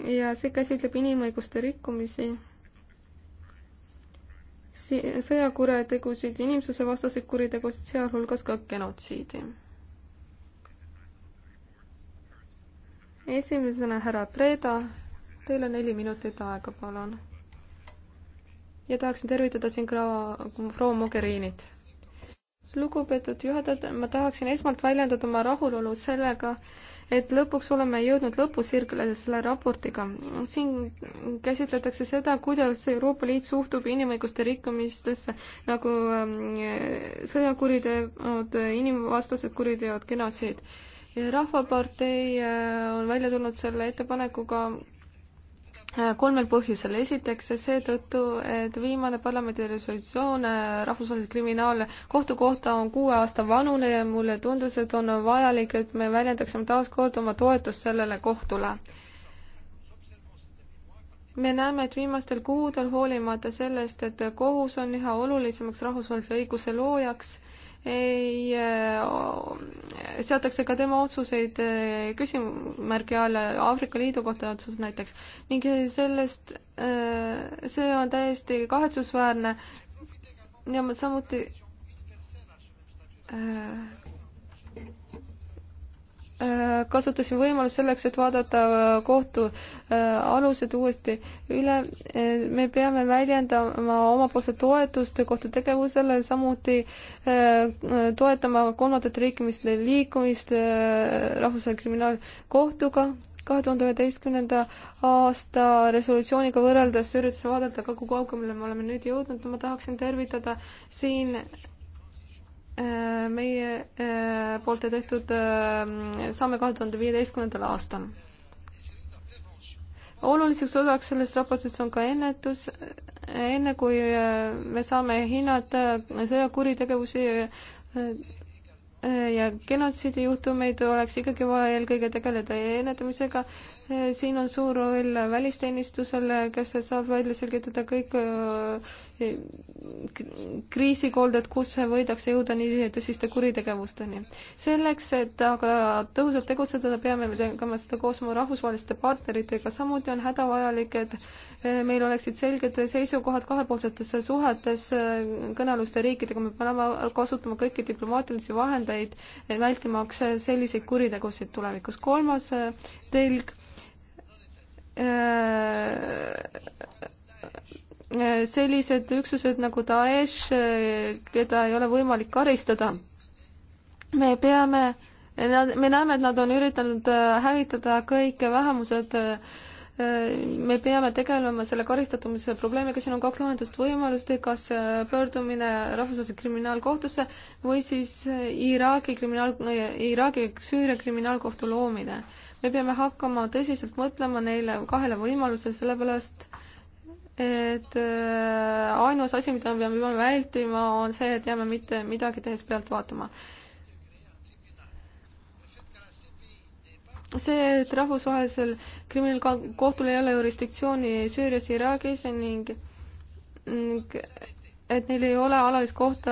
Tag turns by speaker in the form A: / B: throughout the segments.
A: ja see käsitleb inimõiguste rikkumisi, sõjakuritegusid, inimsusevastaseid kuritegusid, sealhulgas ka genotsiidi. esimesena härra Preda, teil on neli minutit aega, palun. ja tahaksin tervitada siin ka proua Mogherinit lugupeetud juhataja, ma tahaksin esmalt väljendada oma rahulolu sellega, et lõpuks oleme jõudnud lõpusirgele selle raportiga. siin käsitletakse seda, kuidas Euroopa Liit suhtub inimõiguste rikkumistesse nagu ähm, sõjakuriteod, inimvastased kuriteod, genotsiid. rahvapartei äh, on välja tulnud selle ettepanekuga Äh, kolmel põhjusel. esiteks seetõttu, et viimane parlamendi resolutsioon äh, rahvusvahelise kriminaalkohtu kohta on kuue aasta vanune ja mulle tundus, et on vajalik, et me väljendaksime taas kord oma toetust sellele kohtule. me näeme, et viimastel kuudel, hoolimata sellest, et kohus on üha olulisemaks rahvusvahelise õiguse loojaks, ei äh, seatakse ka tema otsuseid äh, küsimärgi alla Aafrika Liidu kohta otsus näiteks ning sellest, äh, see on täiesti kahetsusväärne ja samuti kasutasin võimalust selleks, et vaadata äh, kohtu äh, alused uuesti üle. Äh, me peame väljendama omapoolset toetust kohtu tegevusele, samuti toetama kolmandate riikide liikumist rahvusvahelise kriminaalkohtuga. kahe tuhande üheteistkümnenda aasta resolutsiooniga võrreldes üritasime vaadata, kui kaugemale me oleme nüüd jõudnud. ma tahaksin tervitada siin Äh, meie äh, poolt tehtud äh, samme kahe tuhande viieteistkümnendal aastal. oluliseks osaks sellest raportist on ka ennetus, enne kui me saame hinnata sõjakuritegevusi ja genotsiidi juhtumeid, oleks ikkagi vaja eelkõige tegeleda ennetamisega siin on suur roll välisteenistusel, kes saab välja selgitada kõik äh, kriisikolded, kus võidakse jõuda nii tõsiste kuritegevusteni. selleks, et aga tõhusalt tegutseda, peame me tegema seda koos oma rahvusvaheliste partneritega, samuti on hädavajalik, et äh, meil oleksid selged seisukohad kahepoolsetes suhetes äh, kõneluste riikidega, me peame kasutama kõiki diplomaatilisi vahendeid, vältimaks selliseid kuritegusid tulevikus. kolmas telg Äh, äh, sellised üksused nagu Daesh, äh, keda ei ole võimalik karistada. me peame, nad, me näeme, et nad on üritanud hävitada kõik vähemused. me peame tegelema selle karistatumise probleemiga, siin on kaks lahendust võimalust, kas pöördumine rahvusvahelise kriminaalkohtusse või siis Iraagi kriminaal, Iraagi, Süüria kriminaalkohtu loomine me peame hakkama tõsiselt mõtlema neile kahele võimalusele, sellepärast et äh, ainus asi, mida me peame vältima, on see, et jääme mitte midagi tehes pealt vaatama. see, et rahvusvahelisel kriminaalkohtul ei ole jurisdiktsiooni Süürias, Iraagis ning et neil ei ole alalist kohta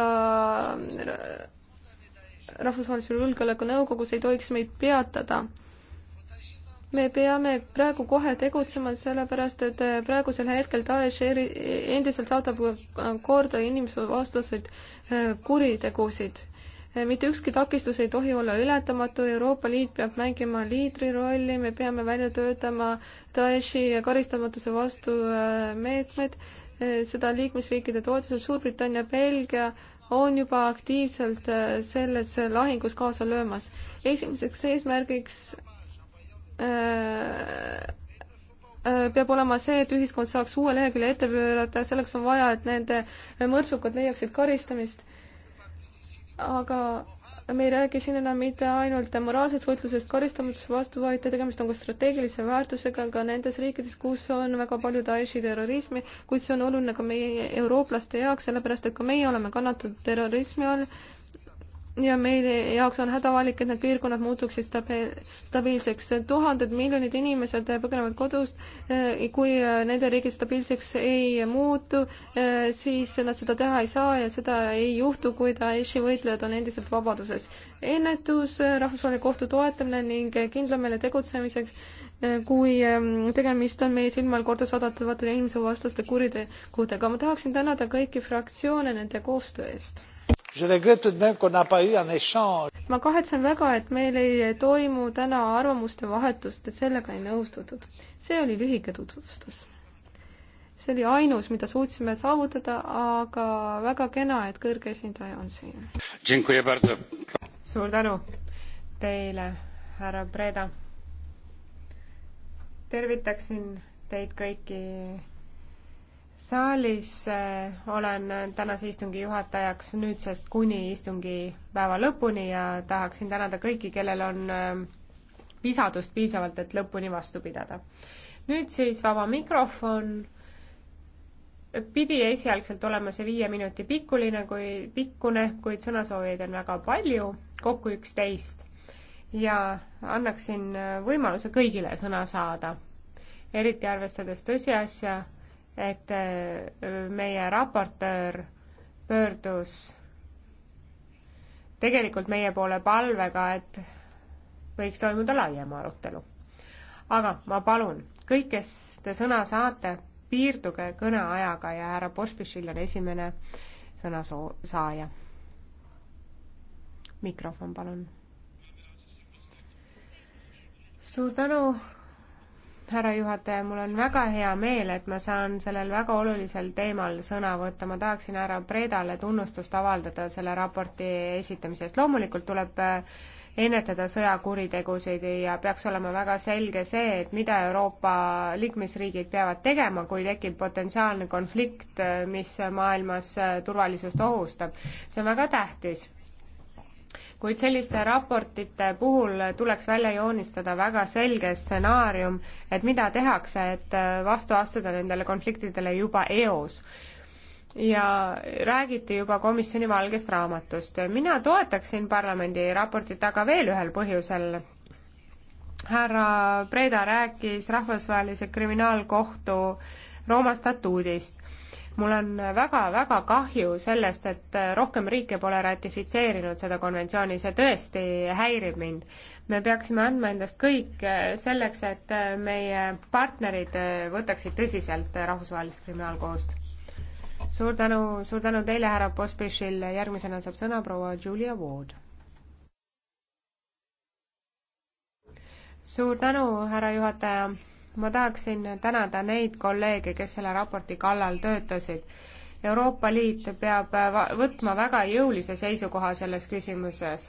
A: rahvusvahelisel julgeolekunõukogus, ei tohiks meid peatada me peame praegu kohe tegutsema, sellepärast et eh, praegusel hetkel Daesh endiselt saadab eh, korda inimsusevastaseid eh, kuritegusid. mitte ükski takistus ei tohi olla ületamatu, Euroopa Liit peab mängima liidri rolli, me peame välja töötama Daeshi karistamatuse vastu meetmed, seda liikmesriikide toetusel Suurbritannia, Belgia on juba aktiivselt selles lahingus kaasa löömas. esimeseks eesmärgiks Äh, äh, peab olema see, et ühiskond saaks uue lehekülje ette pöörata, selleks on vaja, et nende mõrtsukad leiaksid karistamist. aga me ei räägi siin enam mitte ainult moraalsest võitlusest karistamiseks vastu, vaid tegemist on ka strateegilise väärtusega ka nendes riikides, kus on väga palju Daeshi terrorismi, kuid see on oluline ka meie eurooplaste jaoks, sellepärast et ka meie oleme kannatanud terrorismi all ja meie jaoks on hädavalik, et need piirkonnad muutuksid stabi-, stabiilseks. tuhanded miljonid inimesed põgenevad kodust, eh, kui eh, nende riigid stabiilseks ei muutu, eh, siis nad seda teha ei saa ja seda ei juhtu, kui Daeshi võitlejad on endiselt vabaduses. ennetus, rahvusvaheline kohtu toetamine ning kindlameele tegutsemiseks, kui tegemist on meie silmal korda saadetavate inimesevastaste kuritegudega. ma tahaksin tänada kõiki fraktsioone nende koostöö eest ma kahetsen väga, et meil ei toimu täna arvamuste vahetust, et sellega ei nõustutud. see oli lühike tutvustus. see oli ainus, mida suutsime saavutada, aga väga kena, et kõrge esindaja on siin. suur tänu teile, härra Breda.
B: tervitaksin teid kõiki saalis äh, olen tänase istungi juhatajaks nüüdsest kuni istungi päeva lõpuni ja tahaksin tänada kõiki, kellel on äh, visadust piisavalt, et lõpuni vastu pidada. nüüd siis vaba mikrofon. pidi esialgselt olema see viie minuti pikkuline, kui pikkune, kuid sõnasoovijaid on väga palju, kokku üksteist. ja annaksin äh, võimaluse kõigile sõna saada eriti arvestades tõsiasja, et äh, meie raportöör pöördus tegelikult meie poole palvega, et võiks toimuda laiem arutelu. aga ma palun, kõik, kes te sõna saate, piirduge kõneajaga ja härra Pospišil on esimene sõnasoo-, saaja. mikrofon, palun. suur tänu härra juhataja, mul on väga hea meel, et ma saan sellel väga olulisel teemal sõna võtta, ma tahaksin härra Predale tunnustust avaldada selle raporti esitamise eest, loomulikult tuleb äh, ennetada sõjakuritegusid ja peaks olema väga selge see, et mida Euroopa liikmesriigid peavad tegema, kui tekib potentsiaalne konflikt, äh, mis maailmas äh, turvalisust ohustab. see on väga tähtis kuid selliste raportite puhul tuleks välja joonistada väga selge stsenaarium, et mida tehakse, et äh, vastu astuda nendele konfliktidele juba eos ja räägiti juba komisjoni valgest raamatust. mina toetaksin parlamendi raportit aga veel ühel põhjusel. härra Preda rääkis Rahvusvahelise Kriminaalkohtu Rooma statuudist mul on väga-väga kahju sellest, et äh, rohkem riike pole ratifitseerinud seda konventsiooni, see tõesti häirib mind. me peaksime andma endast kõik äh, selleks, et äh, meie partnerid võtaksid tõsiselt rahvusvahelist kriminaalkohust. suur tänu, suur tänu teile, härra Pospišil, järgmisena saab sõna proua Julia Ward. suur tänu, härra juhataja ma tahaksin tänada neid kolleege, kes selle raporti kallal töötasid. Euroopa Liit peab võtma väga jõulise seisukoha selles küsimuses,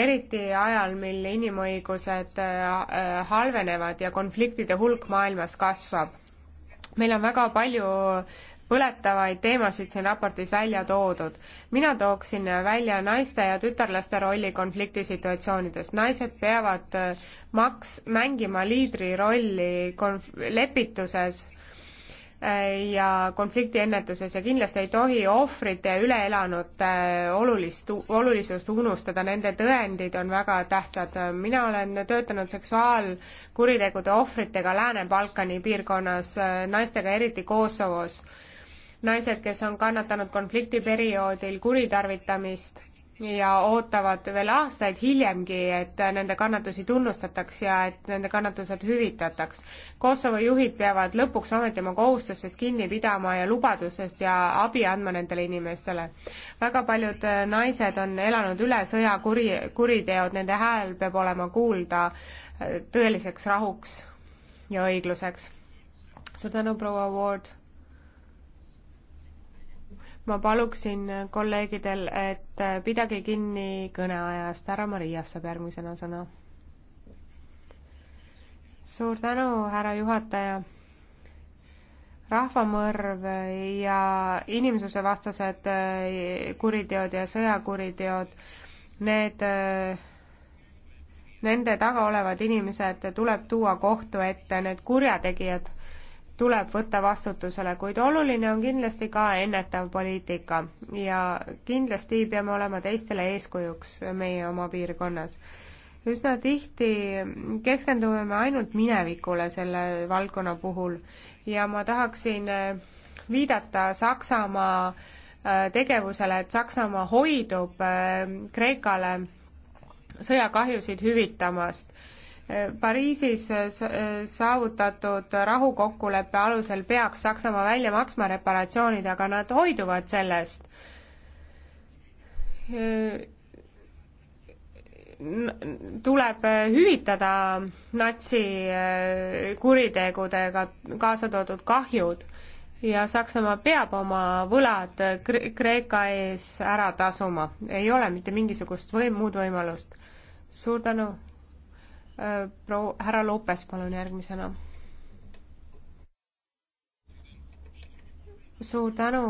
B: eriti ajal, mil inimõigused äh, halvenevad ja konfliktide hulk maailmas kasvab. meil on väga palju põletavaid teemasid siin raportis välja toodud. mina tooksin välja naiste ja tütarlaste rolli konfliktisituatsioonides. naised peavad äh, maks-, mängima liidri rolli konf-, lepituses äh, ja konfliktiennetuses ja kindlasti ei tohi ohvrite ja üleelanute äh, olulist, olulisust unustada, nende tõendid on väga tähtsad. mina olen töötanud seksuaalkuritegude ohvritega Lääne-Balkani piirkonnas, naistega eriti Kosovos naised, kes on kannatanud konfliktiperioodil kuritarvitamist ja ootavad veel aastaid hiljemgi, et nende kannatusi tunnustataks ja et nende kannatused hüvitataks. Kosovo juhid peavad lõpuks ometi oma kohustustest kinni pidama ja lubadusest ja abi andma nendele inimestele. väga paljud naised on elanud üle sõjakuri, kuriteod, nende hääl peab olema kuulda äh, tõeliseks rahuks ja õigluseks. suur tänu, proua Ward ma paluksin kolleegidel, et pidage kinni kõneajast, härra Marias saab järgmisena sõna. suur tänu, härra juhataja. rahvamõrv ja inimsusevastased eh, kuriteod ja sõjakuriteod, need, eh, nende taga olevad inimesed tuleb tuua kohtu ette, need kurjategijad tuleb võtta vastutusele, kuid oluline on kindlasti ka ennetav poliitika ja kindlasti peame olema teistele eeskujuks meie oma piirkonnas. üsna tihti keskendume me ainult minevikule selle valdkonna puhul ja ma tahaksin äh, viidata Saksamaa äh, tegevusele, et Saksamaa hoidub äh, Kreekale sõjakahjusid hüvitamast Pariisis äh, äh, saavutatud rahukokkuleppe alusel peaks Saksamaa välja maksma reparatsioonid, aga nad hoiduvad sellest. tuleb hüvitada natsikuritegudega äh, kaasa toodud kahjud ja Saksamaa peab oma võlad Kreeka ees ära tasuma, ei ole mitte mingisugust või muud võimalust. suur tänu! Äh, proua, härra Lopes, palun järgmisena. suur tänu,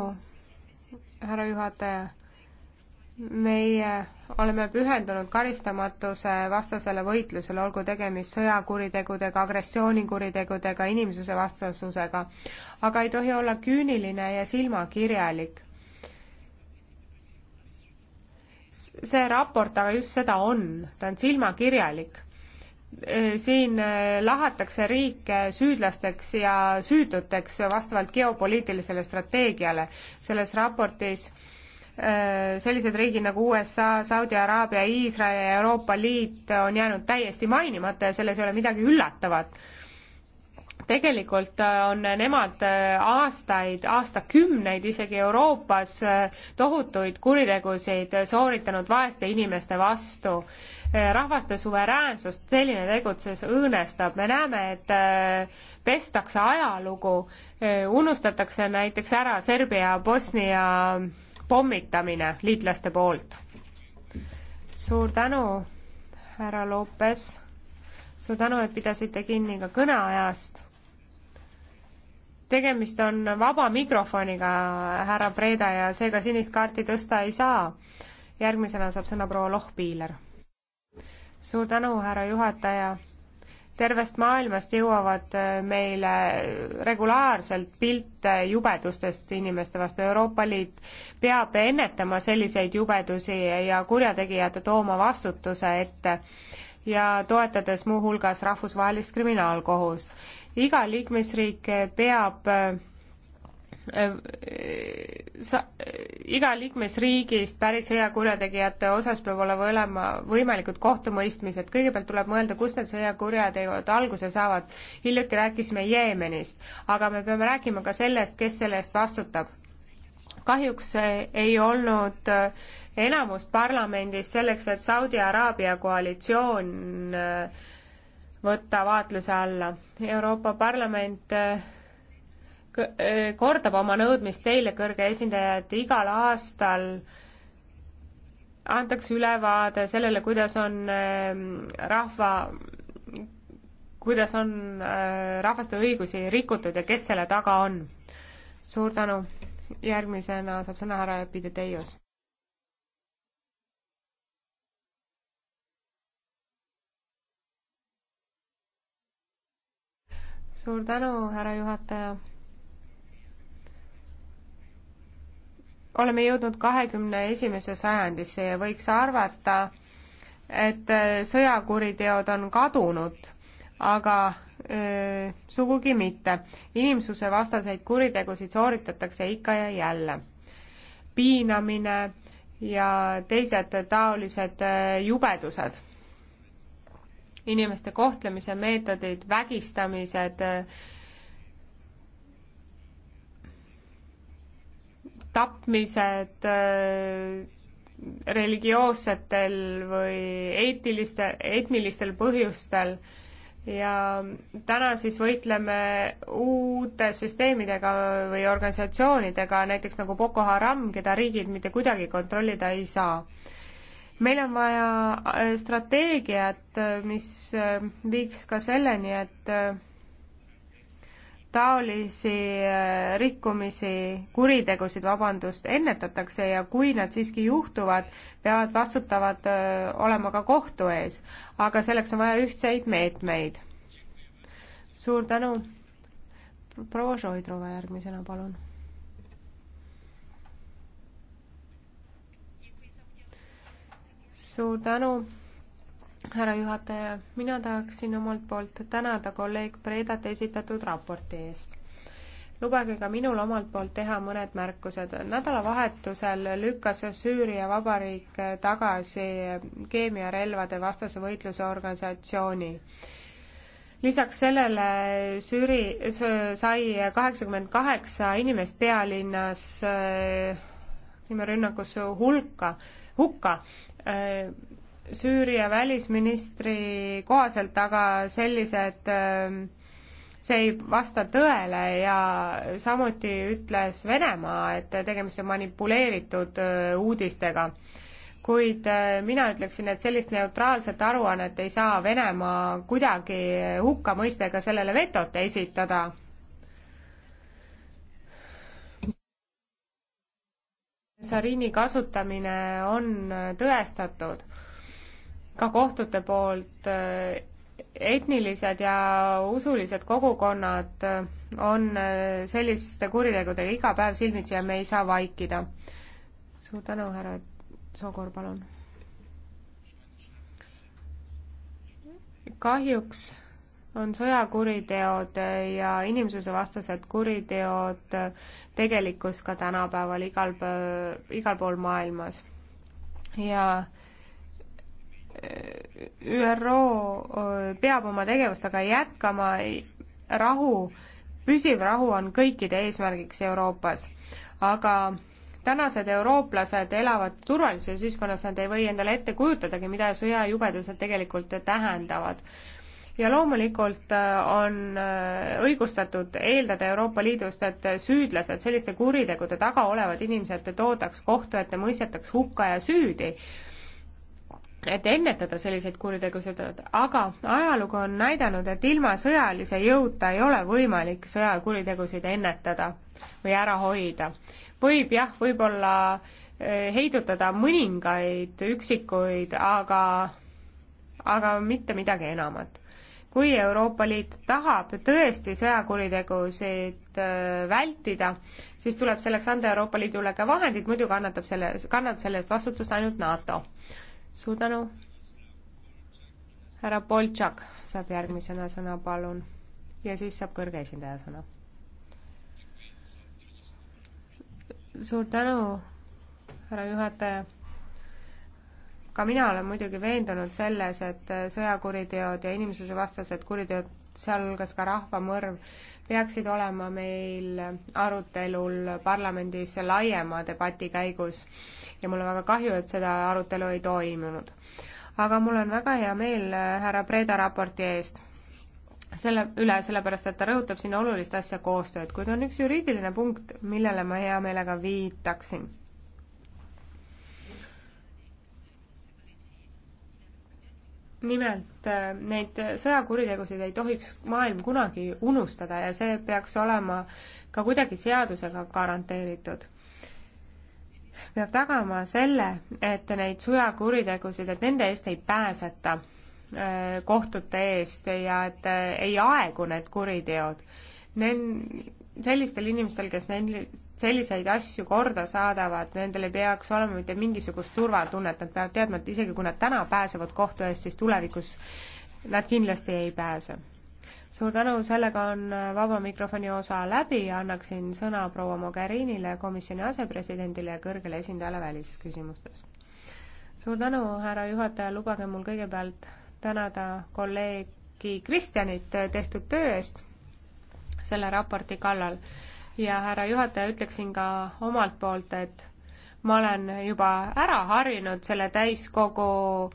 B: härra juhataja. meie oleme pühendunud karistamatuse vastasele võitlusele, olgu tegemist sõjakuritegudega, agressioonikuritegudega, inimsusevastasusega, aga ei tohi olla küüniline ja silmakirjalik. see raport aga just seda on, ta on silmakirjalik Äh, siin äh, lahatakse riike süüdlasteks ja süütuteks vastavalt geopoliitilisele strateegiale. selles raportis äh, sellised riigid nagu USA, Saudi Araabia, Iisrael ja Euroopa Liit on jäänud täiesti mainimata ja selles ei ole midagi üllatavat. tegelikult on nemad aastaid, aastakümneid isegi Euroopas tohutuid kuritegusid sooritanud vaeste inimeste vastu Äh, rahvaste suveräänsust, selline tegutsus õõnestab, me näeme, et äh, pestakse ajalugu, äh, unustatakse näiteks ära Serbia, Bosnia pommitamine liitlaste poolt. suur tänu, härra Lopes, suur tänu, et pidasite kinni ka kõneajast. tegemist on vaba mikrofoniga, härra Preda, ja seega sinist kaarti tõsta ei saa. järgmisena saab sõna proua Lohpiiler suur tänu, härra juhataja. tervest maailmast jõuavad äh, meile regulaarselt pilte jubedustest inimeste vastu. Euroopa Liit peab ennetama selliseid jubedusi ja kurjategijate tooma vastutuse ette ja toetades muuhulgas rahvusvahelist kriminaalkohust. iga liikmesriik peab äh, Äh, sa, äh, iga liikmesriigist pärit sõjakurjategijate osas peab olema olema võimalikud kohtumõistmised, kõigepealt tuleb mõelda, kust need sõjakurjategijad alguse saavad. hiljuti rääkisime Jeemenist, aga me peame rääkima ka sellest, kes selle eest vastutab. kahjuks äh, ei olnud enamust parlamendis selleks, et Saudi Araabia koalitsioon võtta vaatluse alla. Euroopa Parlament Eh, kordab oma nõudmist teile, kõrge esindaja, et igal aastal antakse ülevaade sellele, kuidas on eh, rahva, kuidas on eh, rahvaste õigusi rikutud ja kes selle taga on. suur tänu. järgmisena saab sõna härra Epideteios. suur tänu, härra juhataja oleme jõudnud kahekümne esimesse sajandisse ja võiks arvata, et äh, sõjakuriteod on kadunud, aga öö, äh, sugugi mitte. inimsuse vastaseid kuritegusid sooritatakse ikka ja jälle. piinamine ja teised taolised äh, jubedused. inimeste kohtlemise meetodid, vägistamised, tapmised äh, religioossetel või eetilistel, etnilistel põhjustel ja täna siis võitleme uute süsteemidega või organisatsioonidega, näiteks nagu Boko Haram, keda riigid mitte kuidagi kontrollida ei saa. meil on vaja äh, strateegiat, äh, mis viiks ka selleni, et taolisi äh, rikkumisi, kuritegusid, vabandust, ennetatakse ja kui nad siiski juhtuvad, peavad vastutavad äh, olema ka kohtu ees. aga selleks on vaja ühtseid meetmeid. suur tänu. proua Šoidrova järgmisena, palun. suur tänu härra juhataja, mina tahaksin omalt poolt tänada kolleeg Predat esitatud raporti eest. lubage ka minul omalt poolt teha mõned märkused. nädalavahetusel lükkas Süüria Vabariik tagasi keemiarelvade vastase võitluse organisatsiooni lisaks sellele Süüri, sai kaheksakümmend kaheksa inimest pealinnas kliimarünnakus äh, hulka, hukka Süüria välisministri kohaselt aga sellised, ähm, see ei vasta tõele ja samuti ütles Venemaa, et tegemist on manipuleeritud äh, uudistega. kuid äh, mina ütleksin, et sellist neutraalset aruannet ei saa Venemaa kuidagi hukka mõista ega sellele vetot esitada sariini kasutamine on äh, tõestatud ka kohtute poolt äh, etnilised ja usulised kogukonnad äh, on äh, selliste kuritegudega iga päev silmitsi ja me ei saa vaikida. suur tänu, härra Sogor, palun. kahjuks on sõjakuriteod ja inimsusevastased kuriteod tegelikkus ka tänapäeval igal, igal pool maailmas. ja äh, ÜRO peab oma tegevustega jätkama, rahu, püsiv rahu on kõikide eesmärgiks Euroopas, aga tänased eurooplased elavad turvalises ühiskonnas, nad ei või endale ette kujutadagi, mida sõjajubedused tegelikult tähendavad. ja loomulikult on õigustatud eeldada Euroopa Liidust, et süüdlased, selliste kuritegude taga olevad inimesed toodaks kohtu ette, mõistetaks hukka ja süüdi et ennetada selliseid kuritegusid, aga ajalugu on näidanud, et ilma sõjalise jõuta ei ole võimalik sõjakuritegusid ennetada või ära hoida. võib jah, võib-olla eh, heidutada mõningaid üksikuid, aga, aga mitte midagi enamat. kui Euroopa Liit tahab tõesti sõjakuritegusid eh, vältida, siis tuleb selleks anda Euroopa Liidule ka vahendid, muidu kannatab selle, kannab selle eest vastutust ainult NATO suur tänu. härra Boltšak saab järgmisena sõna, palun. ja siis saab kõrge esindaja sõna. suur tänu, härra juhataja. ka mina olen muidugi veendunud selles, et sõjakuriteod ja inimsusevastased kuriteod sealhulgas ka rahvamõrv, peaksid olema meil arutelul parlamendis laiema debati käigus. ja mul on väga kahju, et seda arutelu ei toimunud. aga mul on väga hea meel härra Preda raporti eest selle üle, sellepärast et ta rõhutab siin olulist asja koostööd, kuid on üks juriidiline punkt, millele ma hea meelega viitaksin nimelt äh, neid sõjakuritegusid ei tohiks maailm kunagi unustada ja see peaks olema ka kuidagi seadusega garanteeritud. peab tagama selle, et neid sõjakuritegusid, et nende eest ei pääseta äh, kohtute eest ja et äh, ei aegu need kuriteod. Nen-, sellistel inimestel, kes neil, selliseid asju korda saadavad, nendel ei peaks olema mitte mingisugust turvatunnet, nad peavad teadma, et isegi kui nad täna pääsevad kohtu eest, siis tulevikus nad kindlasti ei pääse. suur tänu, sellega on vaba mikrofoni osa läbi ja annaksin sõna proua Mogherinile, komisjoni asepresidendile ja kõrgele esindajale välisküsimustes. suur tänu, härra juhataja, lubage mul kõigepealt tänada kolleegi Kristjanit tehtud töö eest selle raporti kallal ja härra juhataja, ütleksin ka omalt poolt, et ma olen juba ära harjunud selle täiskogu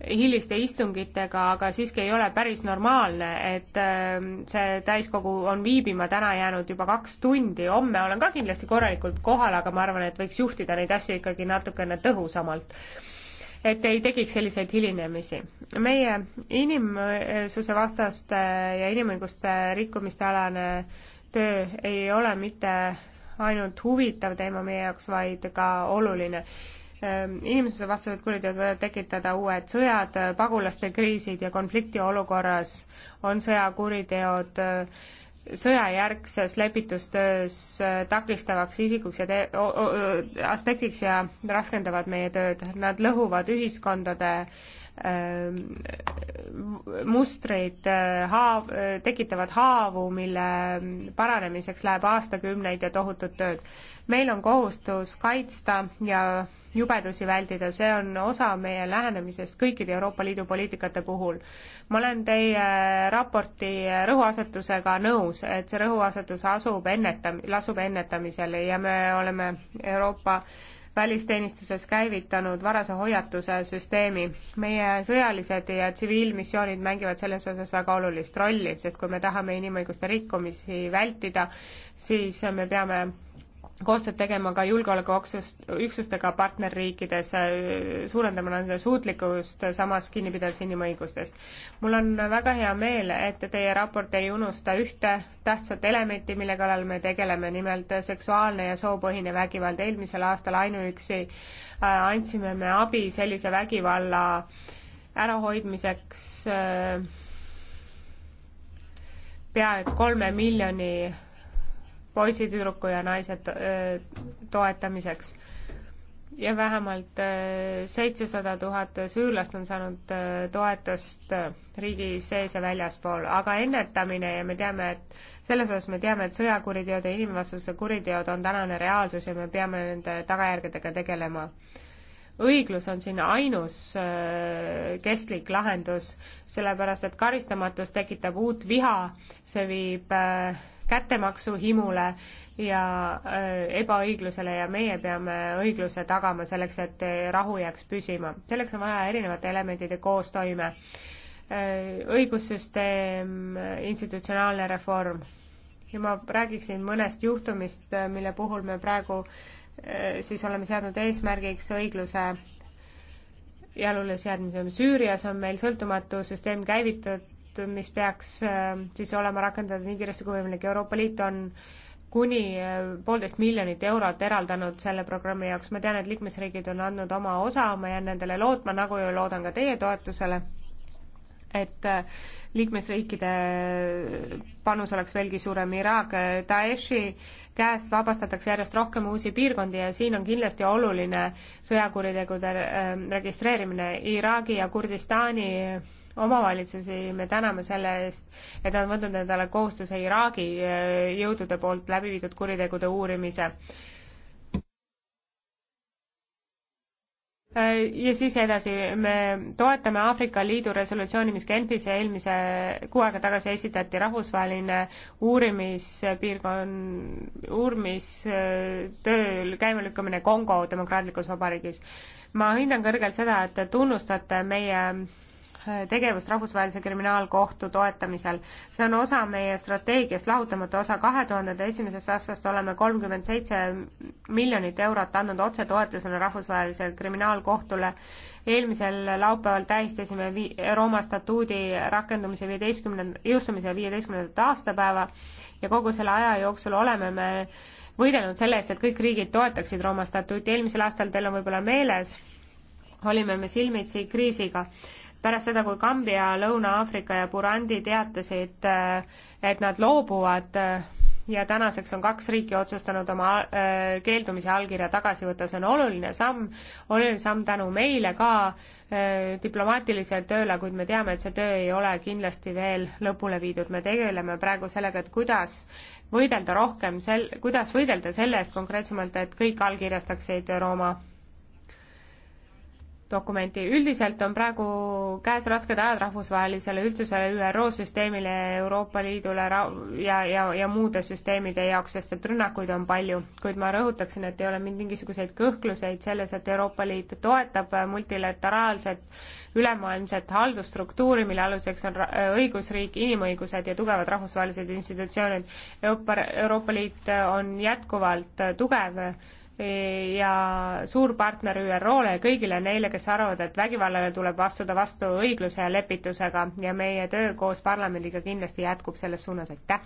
B: hiliste istungitega, aga siiski ei ole päris normaalne, et ähm, see täiskogu on viibima täna jäänud juba kaks tundi, homme olen ka kindlasti korralikult kohal, aga ma arvan, et võiks juhtida neid asju ikkagi natukene tõhusamalt et ei tekiks selliseid hilinemisi. meie inimsuse vastaste ja inimõiguste rikkumiste alane töö ei ole mitte ainult huvitav teema meie jaoks, vaid ka oluline. Ehm, inimesuse vastased kuriteod võivad tekitada uued sõjad, pagulaste kriisid ja konfliktiolukorras on sõjakuriteod eh, sõjajärgses lepitustöös eh, takistavaks isikuks ja te-, aspektiks ja raskendavad meie tööd. Nad lõhuvad ühiskondade Ähm, mustreid äh, haav, tekitavad haavu, mille paranemiseks läheb aastakümneid ja tohutut tööd. meil on kohustus kaitsta ja jubedusi väldida, see on osa meie lähenemisest kõikide Euroopa Liidu poliitikate puhul. ma olen teie raporti rõhuasetusega nõus, et see rõhuasetus asub ennetam-, lasub ennetamisel ja me oleme Euroopa välisteenistuses käivitanud varase hoiatuse süsteemi. meie sõjalised ja tsiviilmissioonid mängivad selles osas väga olulist rolli, sest kui me tahame inimõiguste rikkumisi vältida, siis me peame koostööd tegema ka julgeolekuaksust, üksustega partnerriikides, äh, suurendama nende suutlikkust, äh, samas kinni pidades inimõigustest. mul on väga hea meel, et teie raport ei unusta ühte tähtsat elementi, mille kallal me tegeleme, nimelt seksuaalne ja soopõhine vägivald. eelmisel aastal ainuüksi äh, andsime me abi sellise vägivalla ärahoidmiseks pea et kolme miljoni poisi, tüdruku ja naise äh, toetamiseks. ja vähemalt äh, seitsesada tuhat süürlast on saanud äh, toetust riigi sees ja väljaspool, aga ennetamine ja me teame, et selles osas me teame, et sõjakuriteod ja inimvastuse kuriteod on tänane reaalsus ja me peame nende tagajärgedega tegelema õiglus on siin ainus kestlik lahendus, sellepärast et karistamatus tekitab uut viha, see viib kättemaksuhimule ja äh, ebaõiglusele ja meie peame õigluse tagama selleks, et rahu jääks püsima. selleks on vaja erinevate elementide koostoime. Äh, õigussüsteem, institutsionaalne reform ja ma räägiksin mõnest juhtumist, äh, mille puhul me praegu siis oleme seadnud eesmärgiks õigluse jalule seadmise. Süürias on meil sõltumatu süsteem käivitatud Liit, mis peaks äh, siis olema rakendatud nii kiiresti kui võimalik. Euroopa Liit on kuni äh, poolteist miljonit eurot eraldanud selle programmi jaoks, ma tean, et liikmesriigid on andnud oma osa, ma jään nendele lootma, nagu ju loodan ka teie toetusele, et äh, liikmesriikide panus oleks veelgi suurem, Iraak Daeshi käest vabastatakse järjest rohkem uusi piirkondi ja siin on kindlasti oluline sõjakuritegude registreerimine, Iraagi ja Kurdistani omavalitsusi me täname selle eest, et nad on võtnud endale kohustuse Iraagi eh, jõudude poolt läbi viidud kuritegude uurimise. Eh, ja siis edasi, me toetame Aafrika Liidu resolutsiooni, mis Genfis eelmise kuu aega tagasi esitati, rahvusvaheline uurimispiirkond, uurimistöö käimelükkamine Kongo Demokraatlikus Vabariigis. ma hindan kõrgelt seda, et te tunnustate meie tegevust Rahvusvahelise Kriminaalkohtu toetamisel. see on osa meie strateegiast, lahutamatu osa. kahe tuhande esimesest aastast oleme kolmkümmend seitse miljonit eurot andnud otsetoetusena Rahvusvahelisele Kriminaalkohtule. eelmisel laupäeval tähistasime vi-, Rooma statuudi rakendumise viieteistkümnenda, jõustumise viieteistkümnendat aastapäeva ja kogu selle aja jooksul oleme me võidelnud selle eest, et kõik riigid toetaksid Rooma statuuti. eelmisel aastal, teil on võib-olla meeles, olime me silmitsi kriisiga pärast seda, kui Kambja, Lõuna-Aafrika ja Burandi teatasid, äh, et nad loobuvad äh, ja tänaseks on kaks riiki otsustanud oma äh, keeldumise allkirja tagasi võtta, see on oluline samm, oluline samm tänu meile ka diplomaatilisele tööle, kuid me teame, et see töö ei ole kindlasti veel lõpule viidud, me tegeleme praegu sellega, et kuidas võidelda rohkem sel-, kuidas võidelda selle eest konkreetsemalt, et kõik allkirjastaksid Rooma dokumenti. üldiselt on praegu käes rasked ajad rahvusvahelisele üldsusele, ÜRO süsteemile, Euroopa Liidule ja, ja, ja muude süsteemide jaoks, sest et rünnakuid on palju. kuid ma rõhutaksin, et ei ole mingisuguseid kõhkluseid selles, et Euroopa Liit toetab multilateraalset ülemaailmset haldusstruktuuri, mille aluseks on õigusriik, inimõigused ja tugevad rahvusvahelised institutsioonid. Euroopa, Euroopa Liit on jätkuvalt tugev ja suur partner ÜRO-le ja kõigile neile, kes arvavad, et vägivallale tuleb astuda vastu õigluse ja lepitusega ja meie töö koos parlamendiga kindlasti jätkub selles suunas, aitäh!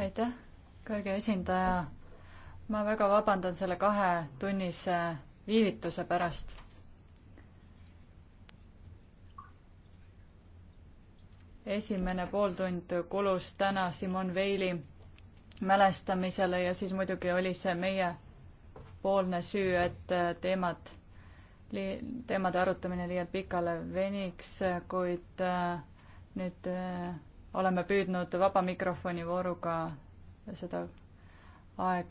B: aitäh, kõrge esindaja! ma väga vabandan selle kahetunnise viivituse pärast esimene pooltund kulus täna Simon Veili mälestamisele ja siis muidugi oli see meie poolne süü, et äh, teemad, teemade arutamine liialt pikale veniks, kuid äh, nüüd äh, oleme püüdnud vaba mikrofoni vooruga seda aega